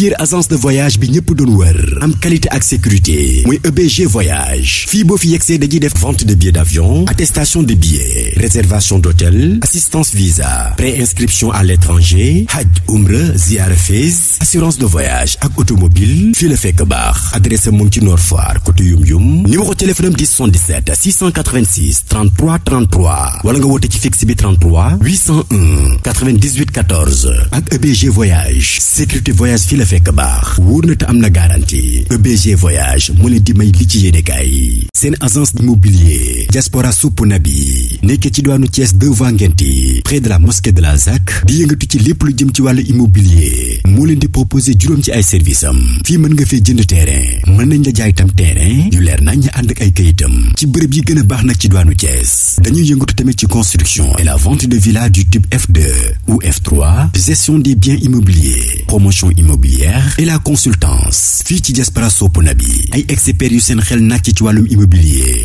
meilleure agence de voyage bi ñëpp doon wër am qualité ak sécurité muy EBG voyage fii boo fi yegsee dañuy def vente de billets d'avion attestation de billets réservation d'hôtel assistance visa préinscription à l'étranger hajj umra ziara Fès assurance de voyage ak automobile fii la fekk baax adresse mu ngi ci Nord Foire côté Yum Yum numéro téléphone am 10 77 686 33 33 wala nga woote ci fixe bi 33 801 98 14 ak EBG voyage sécurité voyage fekk baax wóor na te am na garantie EBG voyage mu leen di may li ci yéenekaay yi seen agence immobilier diaspora supp na bi nekkee ci diwaanu Thiès devant Ngenti près de la mosquée de la ZAC di yëngatu ci lépp lu jëm ci wàllu immobilier moo leen di proposer juróom ci ay service am fii mën nga fee jënd terrain mën nañ la jaay tam terrain yu leer nañ ñu ànd ak ay kayitam ci bërëb yi gën a baax nag ci diwaanu Thiès dañuy yëngatu tamit ci construction et la vente de villas du type F2 ou F3 gestion des biens immobiliers promotion immobilière et la consultance fii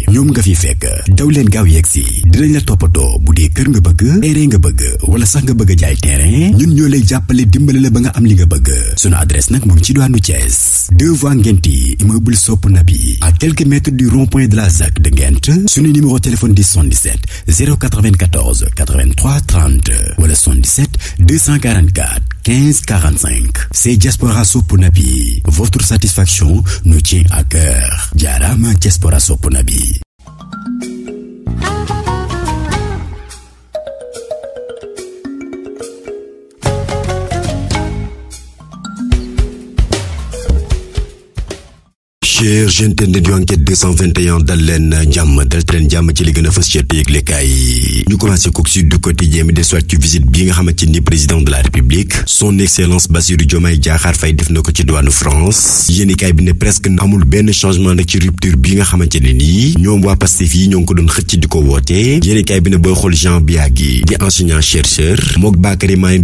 ñoom nga fi fekk daw leen gaaw yegg si dinañ la toppatoo bu dee kër nga bëgg terrain nga bëgg wala sax nga bëgg jaay terrain ñun ñoo lay jàppale dimbali la ba nga am li nga bëgg sunu adresse nag mu ngi ci doonu Thiès deux voies Ngenti immeuble Sopp Nabi à quelques mètres du rond-point de la ZAC de Ngent sunu numéro téléphone di 77 094 83 30 wala 77 244 15 45 c'est Diaspora Sopp Nabi votre satisfaction nous tient à cœur jaaraama Diaspora Sopp jàpp na bi chers internet yu enquête 221 dal leen jàmm dal leen jàmm ci li gën a fës ci yëglekaay yi ñu commencé ko ci du quotidien bi des soit ci visite bi nga xamante ni président de la république son excellence Bassirou Diomaye Diakhar Faye def na ko ci douane France yéenekaay bi ne presque amul benn changement nag ci rupture bi nga xamante ne nii ñoom waa Pastef yi ñoo ngi ko doon xëcc di ko woote yéenekaay bi ne booy xool Jean Biagui di enseignant chercheur mook Bakary Magne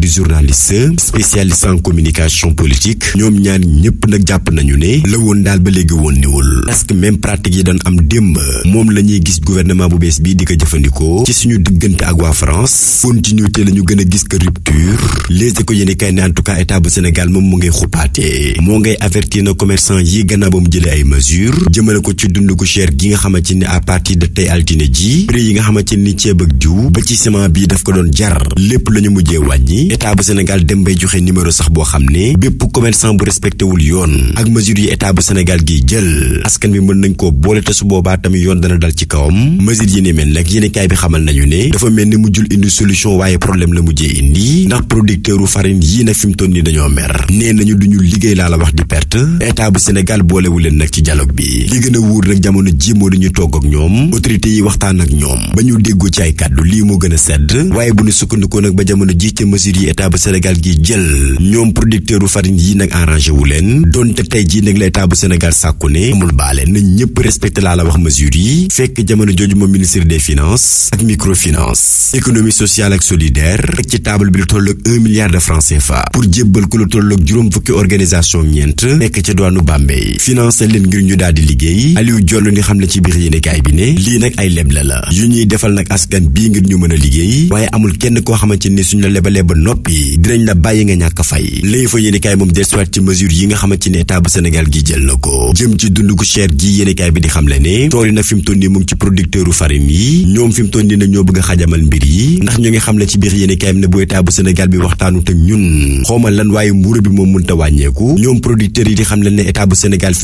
wëndiwul presque même pratique yi daan am démb moom la gis gouvernement bu bees bii di ko jëfandikoo ci suñu diggante ak waa France continuité la ñu gën a gis que rupture les éco yéeni kay ne en tout cas état bu Sénégal moom mu ngay xuppaatee moo ngay avertir na commerçant yi gannaaw ba mu jëlee ay mesures jëmale ko ci dund gu cher gi nga xamante ni à partir de tey altine ji prix yi nga xamante ni ceeb ak diw ba ci ciment bi daf ko doon jar lépp la ñu mujjee wàññi état bu Sénégal dem bay joxe numéro sax boo xam ne bépp commerçant bu respecté wul yoon ak mesures yi état bu Sénégal gi jël jël askan bi mën nañ koo boole te su boobaa tamit yoon dana dal ci kawam mesure yi ni mel nag yéenekaay bi xamal nañu ne dafa mel ni mujjul indi solution waaye problème la mujjee indi ndax producteur u farine nag fi mu toll nii dañoo mer nee nañu du liggéey laa wax di perte bu Sénégal boolewu leen nag ci dialogue bi li gën a wóor nag jamono ji moo dañu togg ak ñoom autorités yi waxtaan ak ñoom ba ñu déggoo ci ay kàddu lii moo gën a sedd waaye bu ñu sukkandikoo nag ba jamono ji te mesures yi état bu Sénégal gi jël ñoom producteur u farine yi nag arrangé wu leen donte tey jii nag la bu Sénégal sàkk sàkku ne amul baale na ñëpp respecté laa la wax mesures yi fekk jamono jooju moom ministre des finances ak microfinance économie sociale ak solidaire teg ci table bi lu toll ak un milliard de francs CFA pour jébbal ko lu toll ak juróom fukki organisation ñeent nekk ca doonu Bambey financé leen ngir ñu daal di liggéey Aliou Diollo ni xam ne ci biir yéenekaay bi ne lii nag ay leble la yu ñuy defal nag askan bii ngir ñu mën a liggéey waaye amul kenn koo xamante ni suñ la lebalee ba noppi dinañ la bàyyi nga ñàkk fay léegi fa yéenekaay moom dellusiwaat ci mesures yi nga xamante ni état bu Sénégal jël na ko jëm ci dund gu cher gi yéenekaay bi di xamle ne coow li nag fi mu toll nii mu ngi ci producteuru farine yi ñoom fi mu nii nag ñoo bëgg a xajamal mbir yi ndax ñu ngi xamle ci biir yéenekaay bi ne bu état bu Sénégal bi waxtaanu te ñun xawma lan waaye mbuuru bi moom mënta wàññeeku ñoom producteurs yi di xamle ne état bu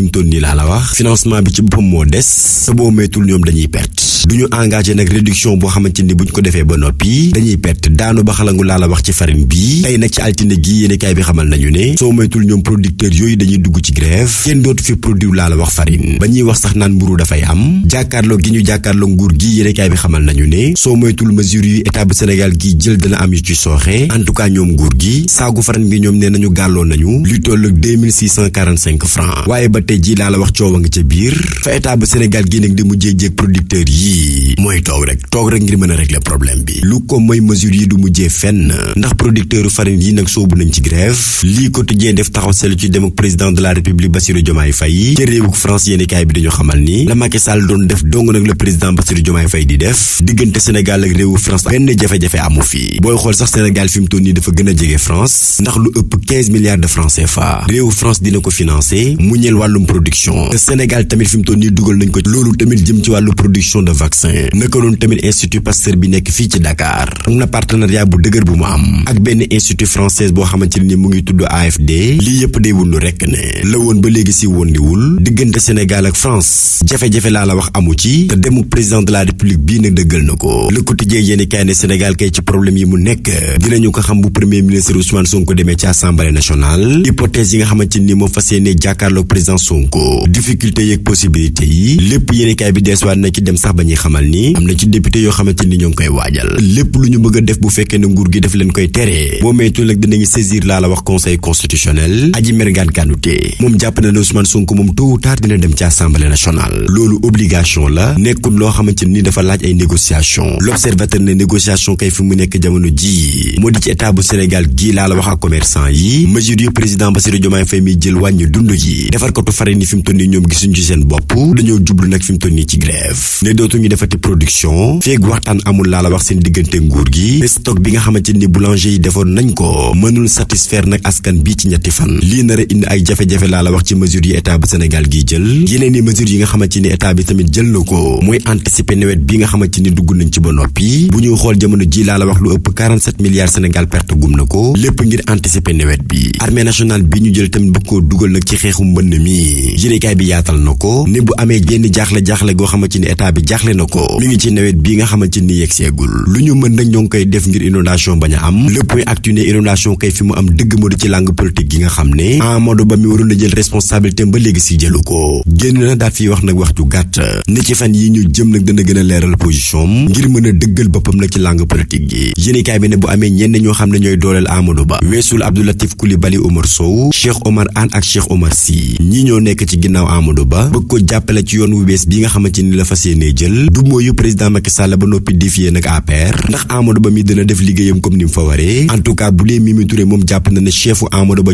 mu toll nii laa la wax financement bi ci boppam moo des sa boo meetul ñoom dañuy perte duñu engagé nag réduction boo xamante ni buñ ko defee ba noppi dañuy perte daanu ba xalangu laa wax ci farine bi tey nag ci altine gi yéenekaay bi xamal nañu ne soo moytul ñoom producteurs yooyu dañuy dugg ci grève kenn dootu fi produire laa la wax farine ba ñuy wax sax naan mburu dafay am jàkkaarloo gi ñu jàkkaarloo nguur gi yéenekaay bi xamal nañu ne soo moytul mesure yu état bu Sénégal gi jël dana am yu ci sooxee en tout cas ñoom nguur gi saagu faran bi ñoom nee nañu gàlloo nañu li toll 2645 francs waaye ba tey jii laa la wax coow a ngi ca biir fa état bu gi nag di mujjee jéeg-jéeg producteurs yii mooy toog rek toog rek ngir mën a régler problème bi lu ko moy mesure yi du mujjee fenn ndax producteur farine yi nag soobu nañ ci grève lii ko tujjee def taxaw selu ci dem ak président de la république Bassirou Diomaye Faye réewum France yéenekaay bi dañu xamal ni la Macky Sall doon def dong nag le président Bassirou Diomaye Faye di def diggante Sénégal ak réewu France benn jafe-jafe amu fi booy xool sax Sénégal fi mu nii dafa gën a jege France ndax lu ëpp 15 milliards de francs CFA réewu France dina ko financé mu ñeel wàllum production te Sénégal tamit fi mu toll nii dugal nañ ko loolu tamit jëm ci wàllu production de vaccin naka noonu tamit institut Pasteur bi nekk fii ci Dakar am na partenariat bu dëgër bu mu ni mu ngi diggante Sénégal ak France jafe-jafe laa la wax amu ci te demu président de la république bii nag dëggal na ko Le Quotidien yéeni kaay ne Sénégal kay ci problème yi mu nekk dinañu ko xam bu premier ministre Ousmane Sonko demee ci assemblée nationale hypothèse yi nga xamante ni moo fas yéene jàkkaarloog président Sonko difficulté yeeg possibilité yi lépp yéeni kaay bi deesuwaat na ci dem sax ba ñuy xamal ni am na ci député yoo xamante ni ñoo ngi koy waajal lépp lu ñu bëgg a bu fekkee ne nguur gi def leen koy tere boo moytuwul nag dinañu saisir la wax conseil constitutionnel aji mergaan kanute moom jàpp na ne Ousmane Sonko tôt ou tard dina dem ci assemblée nationale loolu obligation la nekkul loo xamante ni dafa laaj ay négociation l'observateur ne négociation kay fi mu nekk jamono ji moo di ci état bu Sénégal gii laa la wax ak commerçant yi mesure yu président Bassirou Diomaye Faye mi jël wàññi dund yi defarkatu farine yi fi mu nii ñoom gisuñu ci seen bopp dañoo jublu nag fi mu nii ci grève ne dootuñu defati production feeg waxtaan amul laa la wax seen diggante a Sénégal gi jël yeneen yi nga xamante ni état bi tamit jël na ko muy anticiper nawet bi nga xamante ni dugg nañ ci ba noppi bu ñuy xool jamono ji laa la wax lu ëpp 47 milliards perte gum na ko lépp ngir anticiper nawet bi armée nationale bi ñu jël tamit bëgg koo dugal nag ci xeexu mbënn mi yéenekaay bi yaatal na ko ne bu amee génn jaaxle-jaaxle goo xamante ni état bi jaaxle na ko lu ñu mën nag ñoo koy def ngir inondation bañ a am le point actu ne inondation kay fi mu am a jëlu ko génn na daat fiy wax nag wax ju gàtt ne ci fan yi ñu jëm nag dana gën a leeral position ngir mën a dëggal boppam nag ci langue politique gi yéenekaay bi ne bu amee ñenn ñoo xam ne ñooy dooleel Amadou Ba weesul Abdou Latif Coulibaly Omar Sow Cheikh Omar Anne ak Cheikh Omar si ñii ñoo nekk ci ginnaaw Amadou Ba bëgg ko jàppale ci yoon wu bees bi nga xamante ni la fas yéenee jël du mooyu président Macky Sall ba noppi défier nag APR ndax Amadou Ba mi dina def comme ni mu fa waree cas bu dee Mimi moom jàpp na ne chefu Amadou Ba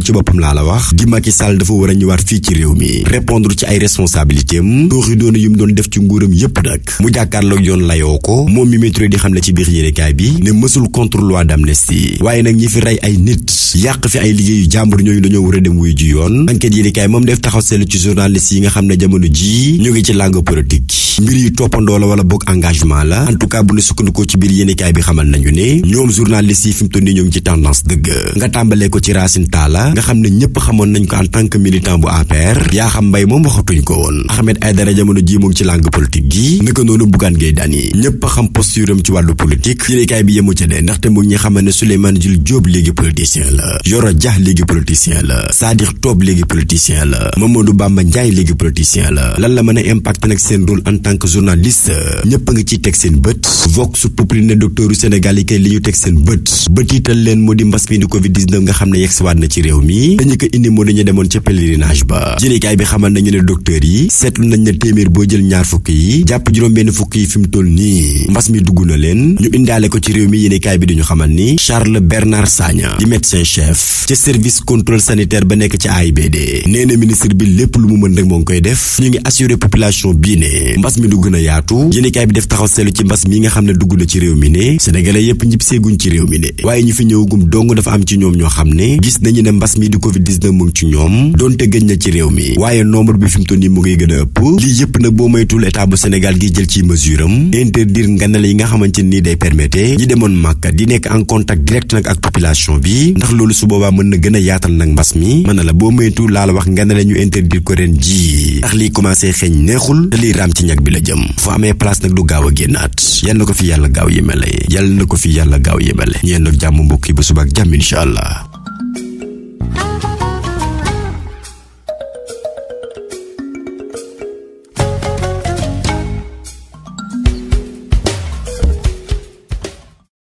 la wax di Macky dafa war a ñëwaat fii ci réew mi répondre ci ay responsabilité am tooxi doona yu mu doon def ci nguuram yépp nag mu jàkkaarloog yoon layoo ko moom mi métro di xam ne ci biir yéenekaay bi ne mësul contre loi d'amnistie waaye nag ñi fi rey ay nit yàq fi ay liggéeyu jàmbur ñooñu dañoo war a dem wuy ji yoon enquête yéenekaay moom def taxaw seetlu ci journaliste yi nga xam ne jamono ji ñu ngi ci langue politique mbir yu toppandoo la wala boog engagement la en tout cas bu ne sukkandikoo ci bi xamal nañu ne ñoom journaliste yi fi mu toll nii ñoo ngi ci tendance dëgg nga tàmbalee ñëpp xamoon nañ ko en tant que militant Maxam Mbay moom waxatuñ ko woon Ahmed Aidara jamono ji mu ngi ci langue politique gi naka noonu Bougane Gueye Dany ñëpp a xam posture am ci wàllu politique yéenekaay bi yemu ca de ndaxte mu ngi xamal ne Souleymane Jules léegi politicien la Yoro Dia léegi politicien la Sadikh Top léegi politicien la Mamadou Bamba Ndiaye léegi politicien la lan la mën a impact nag seen rôle en tant que journaliste ñëpp a ngi teg seen bët Vox Populi ne docteuru Sénégal yi kay li ñu teg seen bët bëtiital leen moo di mbas mi di nga xam ne yegsiwaat na ci réew mi dañu xamal nañu ne docteur yi seetlu nañ ne téeméer boo jël ñaar fukk yi jàpp juróom-benn fukk yi fi mu toll nii mbas mi dugg na leen ñu indaale ko ci réew mi yéenekaay bi duñu xamal ni Charles Bernard Sagna di médecin service contrôle sanitaire ba nekk ci AIBD nee na ministre bi lépp lu mu mën rek moo ngi koy def ñu ngi assurer population bii ne mbas mi dugg na yaatu yéenekaay bi def taxaw seetlu ci mbas mi nga xam ne dugg na ci réew mi ne sénégalais yépp ñib seeguñ ci réew mi ne waaye ñu fi ñëwagum dong dafa am ci ñoom ñoo xam ne gis nañu ne mbas mi di covid 19 mu ci ñoom donte gëj na ci réew mi waaye waaye nombre bi fi mu toll nii mu ngi gën a ëpp lii yëpp nag boo moytul état bu Sénégal gi jël ci mesure am interdire nganale yi nga xamante ni day permettre ñi demoon màkk di nekk en contact direct nag ak population bi ndax loolu su boobaa mën na gën a yaatal nag mbas mi mën na la boo moytul laa la wax nganale ñu interdire ko ren ji ndax lii commencé xeeñ neexul te lii raam ci ñag bi la jëm fa amee place nag du gaaw a génnaat yal na ko fi yàlla gaaw yemale yal na ko fi yàlla gaaw yemale ñeen nag jàmm mbokk yi ba suba ak jàmm incha allah